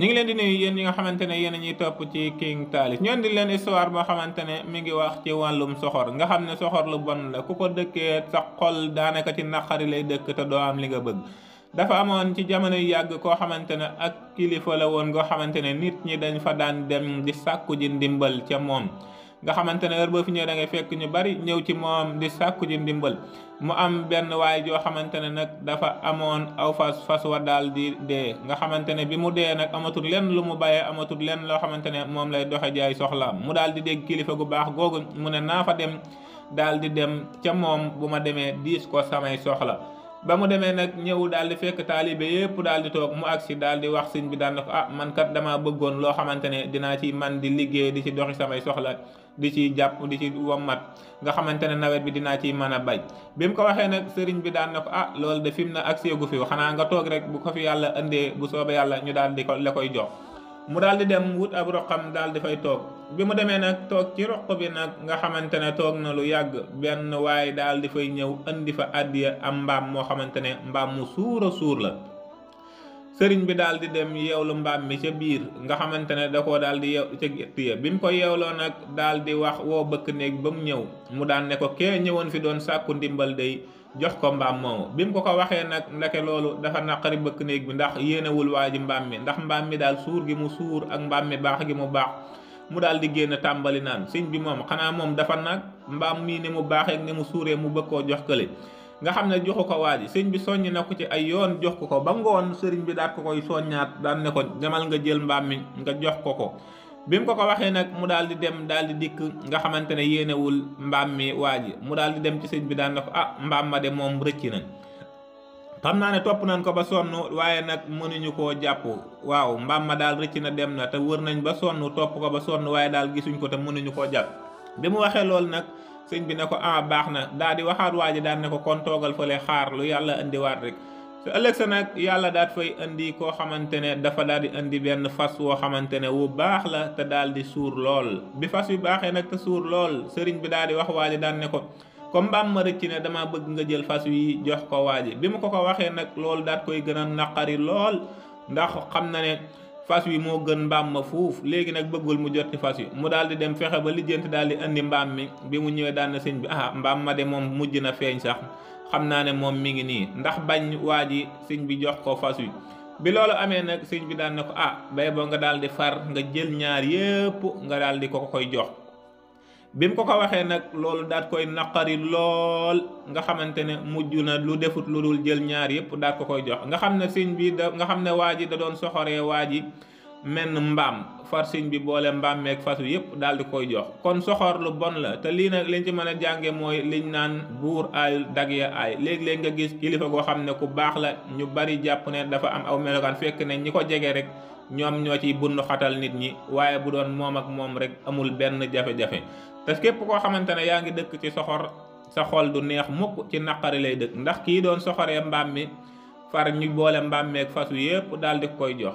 ñu ngi leen di nuyu yéen ñi nga xamante ne yéen a ñuy topp ci King Taalif ñoon di leen histoire boo xamante ne mi ngi wax ci wàllum soxor nga xam ne soxor lu bon la ku ko dëkkee sa xol daanaka ci naqari lay dëkk te doo am li nga bëgg dafa amoon ci jamono yu yàgg koo xamante ne ak kilifa la woon goo xamante ne nit ñi dañu fa daan dem di sàkku ji ndimbal ca moom nga xamante ne heure boo fi ñëwee da fekk ñu bari ñëw ci moom di sàkku ji ndimbal mu am benn waay joo xamante ne nag dafa amoon aw fas fas wa daal di dee nga xamante ne bi mu dee nag amatul lenn lu mu bàyyee amatul lenn loo xamante ne moom lay doxe jaay soxlaam mu daal di dégg kilifa gu baax googu mu ne naa fa dem daal di dem ca moom bu ma demee diis ko samay soxla ba mu demee nag ñëw daal di fekk taalibe yépp daal di toog mu agsi daal di wax sëñ bi daal na ko ah man damaa bëggoon loo xamante ne dinaa ci man di liggéey di ci doxi samay soxla di ci jàpp di ci wommat nga xamante ne nawet bi dinaa ciy mën a bay bi mu ko waxee nag sëriñ bi daan na ko ah, loolu de fi mu na agsi gu fi xanaa nga toog rek bu ko fi yàlla indee bu soobee yàlla ñu daal di ko la koy jox mu daal di dem wut ab roqam daal di fay toog bi mu demee nag toog ci roq bi nag nga xamante ne toog na lu yàgg benn waaye daal di fay ñëw indi fa àddiya am mbaam moo xamante ne mbaam mu suur a suur la sëriñ bi daal di dem yeewlu mbaam mi ca biir nga xamante ne da ko daal di yeew ca gétt ya bi mu ko yeewloo nag daal di wax woo bëkk néeg ba mu ñëw mu daan ne ko kee ñëwoon fi doon sàkku ndimbal day jox ko mbaam moomu bi mu ko ko waxee nag ndeke loolu dafa naqari bëkk néeg bi ndax yéenewul waa ji mbaam mi ndax mbaam mi daal suur gi mu suur ak mbaam mi baax gi mu baax mu daal di génn tàmbali naan sëñ bi moom xanaa moom dafa nag mbaam mii ni mu baaxee ni mu suuree mu bëgg koo jox kële nga xam ne joxu ko waa ji sëñ bi soññ na ko ci ay yoon jox ko ko ba ngoon sëriñ bi daat ko koy soññaat daan ne ko demal nga jël mbaam mi nga jox ko ko bi mu ko ko waxee nag mu daal di dem daal di dikk nga xamante ne yéenewul mbaam mi waa ji mu daal di dem ci sëñ bi daan ne ko ah mbaam ma de moom rëcc nañ xam naa ne topp nañ ko ba sonn waaye nag mënuñu koo jàpp waaw mbaam ma daal rëcc na dem na te wër nañ ba sonn topp ko ba sonn waaye daal gisuñ ko te mënuñu koo jàpp sëñ bi ne ko ah baax na daa di waxaat waa daan ne ko kon toogal fële xaar lu yàlla indiwaat rek su ëllëg sa nag yàlla daat fay indi koo xamante ne dafa daal di indi benn fas woo xamante ne wu baax la te daal di suur lool bi fas yu baaxee nag te suur lool sëriñ bi daal di wax waa daan ne ko comme mbaam ma rëcc ne dama bëgg nga jël fas wi jox ko waa bi mu ko ko waxee nag loolu daat koy gën a naqari lool ndax xam na ne fas wi moo gën mbaam ma fuuf léegi nag bëggul mu jot ci fas wi mu daal di dem fexe ba lijjanti daal di indi mbaam mi bi mu ñëwee daan na sëñ bi ah mbaam ma de moom mujj na feeñ sax xam naa ne moom mi ngi nii ndax bañ waa ji sëñ bi jox ko fas wi bi loolu amee nag sëñ bi daan na ko ah bay boo nga daal di far nga jël ñaar yépp nga daal di ko koy jox bi mu ko ko waxee nag loolu daat koy naqari lool nga xamante ne mujj na lu defut lu dul jël ñaar yëpp daat ko koy jox nga xam ne sëñ bi da nga xam ne waa ji da doon soxoree waa ji menn mbaam far siñ bi boole mbaam fasu fas wi yëpp daal di koy jox kon soxor lu bon la te lii nag liñ ci mën a jànge mooy liñ naan buur aayul dag ya aay léeg-léeg nga gis kilifa goo xam ne ku baax la ñu bari jàpp ne dafa am aw melokaan fekk ne ñi ko jege rek ñoom ñoo ciy bundu xatal nit ñi waaye bu doon moom ak moom rek amul benn jafe-jafe te képp koo xamante ne yaa ngi dëkk ci soxor sa xol du neex mukk ci naqari lay dëkk ndax kii doon soxoree mbaam mi far ñu boole mbaam fas yëpp daal di koy jox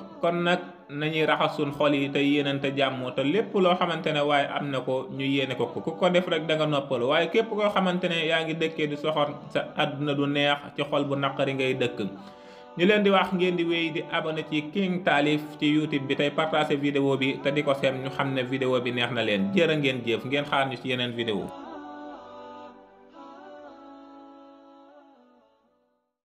nañuy raxas suñ xol yi te yéenante jàmm te lépp loo xamante ne waaye am na ko ñu yéene ko ku ko def rek da nga noppalu waaye képp koo xamante ne yaa ngi dëkkee di soxor sa àdduna du neex ci xol bu naqari ngay dëkk ñu leen di wax ngeen di wéy di abonné ci King Taalif ci YouTube bi tey partagé vidéo bi te di ko seem ñu xam ne vidéo bi neex na leen jërë ngeen jëf ngeen xaar ñu ci yeneen vidéo